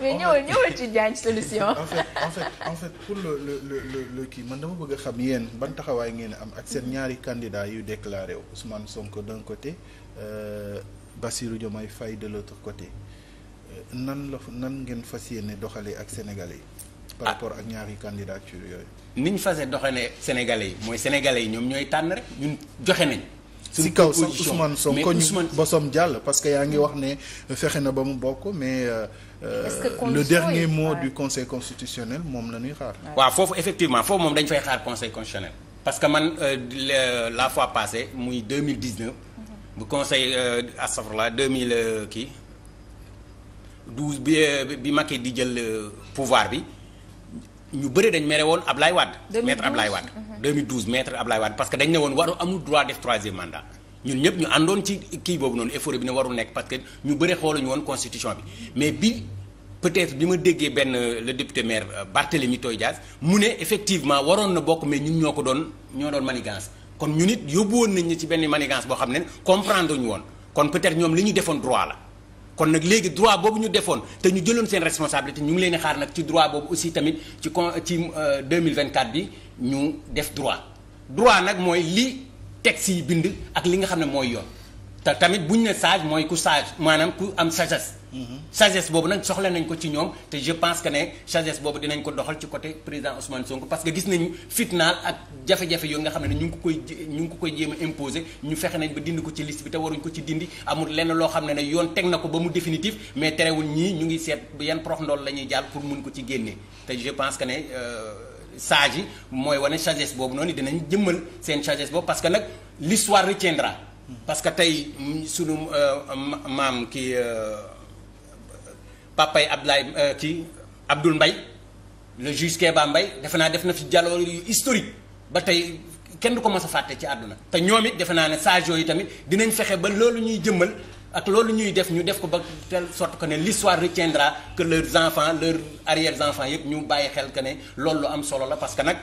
mais ñëwal ñëwal ci Diagne solution. en fait en fait en fait pour le le le kii man dama bëgg a xam yéen ban taxawaay ngeen am ak seen ñaari candidat yu déclaré wu Ousmane Sonko d'un côté euh, Bassirou Diomaye Faye de l'autre côté euh, nan la nan ngeen fas yéene doxalee ak sénégal yi. par ah. rapport ak ñaari candidature yooyu. niñ fase doxalee sénégalais yi mooy sénégalais yi ñoom ñooy tànn rek ñun joxe nañ. si kaw sax Ousmane Sonko ñu bosom jàll parce que yaa ngi wax ne fexe na ba mu bokk mais euh, euh, le dernier mot du conseil constitutionnel moom la ñuy xaar waaw foofu effectivement foofu moom dañ fay xaar conseil constitutionnel parce que man euh, la fois passée muy 2019 bu conseil astafurlah 2000 kii 12 bi bi Macky di jël pouvoir bi ñu bëri dañ mere woon Ablaye Wade. 2012 maître Ablaye Wade. 2012 mhm. maître Ablaye Wade parce que dañ ne woon waru amul droit def troisième mandat ñun ñëpp ñu àndoon ci kii boobu noonu effort bi ne warul nekk parce que ñu bëri xooluñu woon constitution bi mais bi. peut-être bi ma déggee benn le député maire euh, Barthélémy Toye Dias mu ne effectivement waroon na bokk mais ñun ñoo ko doon ñoo doon manigance kon ñun it yóbbu woon nañ ñu ci benn manigance boo xam ne comprendre ñu woon kon peut-être ñoom li defoon droit la. kon nag léegi droit boobu ñu defoon te ñu jëloon seen responsabilité ñu ngi leen di xaar nag ci droit boobu aussi tamit ci con ci 2024 euh, bi ñu def droit droit nag mooy li teg si bind ak li nga xam ne mooy yoon. te tamit bu ñu ne sage mooy ku sage maanaam ku am sagesse. sagesse boobu nag soxla nañ ko ci ñoom te je pense que ne sagesse boobu dinañ ko doxal ci côté président Ousmane Sonko que gis nañu fitnaal ak jafe-jafe yooyu nga xam ne ñu ngi ko koy ñu ngi ko koy jéem a imposer ñu fexe nañ ba ko ci liste bi te waruñ ko ci dindi amul lenn loo xam ne ne yoon teg na ko ba mu définitif mais terewul ñii ñu ngi seet yan prox ndool la ñuy pour mun ko ci génnee te je pense que ne. Euh, sage yi mooy wane sagesse boobu noonu dinañ jëmmal seen sagesse boobu parce que nag l'histoire retiendra parce que tey sunu euh, maam kii euh, papay Abdoulaye euh, kii Abdoul mbay le juge Kéba mbay defe naa def na fi jaloor yu historique ba tey kenn du ko mës a fàtte ci àdduna te ñoom it defe naa ne sage yi tamit dinañ fexe ba loolu ñuy jëmmal ak loolu ñuy def ñu def ko ba telle sorte que ne l'histoire retiendra que leurs enfants leurs arrière enfants yëpp ñu bàyyi xel que ne loolu lu am solo la parce que nag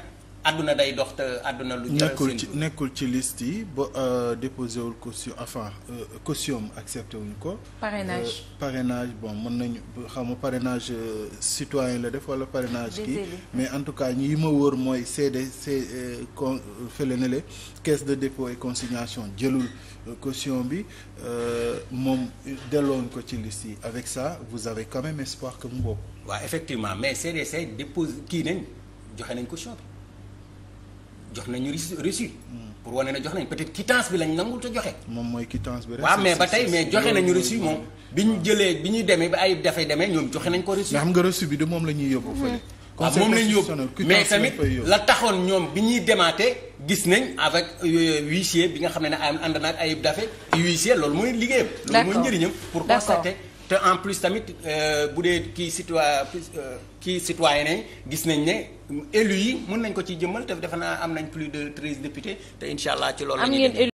àdduna day dox te àdduna lu. nekkul ci nekkul ci liste yi ba euh, déposé wul caution enfin euh, caution ak wuñ ko. parrainage euh, parrainage bon mën nañu xam parenage parrainage citoyen la def wala parrainage kii mais en tout cas ñi ma wóor mooy CDC con fële na le de dépôt et consignation jëlul caution bi moom delloon ko ci liste yi avec ça vous avez quand même espoir que mu bokk. waa effectivement mais CDC dépose kii nañ joxe nañ caution bi. jox nañu reçu pour wane ne jox nañ peut-être quittance bi lañ nangul te joxe. moom mooy quittance bi rek. waaw mais ba tey mais joxe nañu reçu moom bi ñu jëlee bi ñuy demee ba ay dafay demee ñoom joxe nañ ko reçu. mais xam nga reçu bi de moom la ñuy yóbbu fële. conseil ah, moom lañ yóbbu mais tamit la taxoon ñoom bi ñuy demaatee gis nañ avec euh, huissier bi nga xam ne ne ànd na ak ayib dafe huissier loolu mooy liggéeyam. loolu mooy njëriñam pour constater. te en plus tamit euh, bu dee kii citoyen kii citoyen ne gis nañ ne élus yi mën nañ ko ci jëmmal te defe naa am nañ plus de trise députés te incha allah ci loolu la ñuy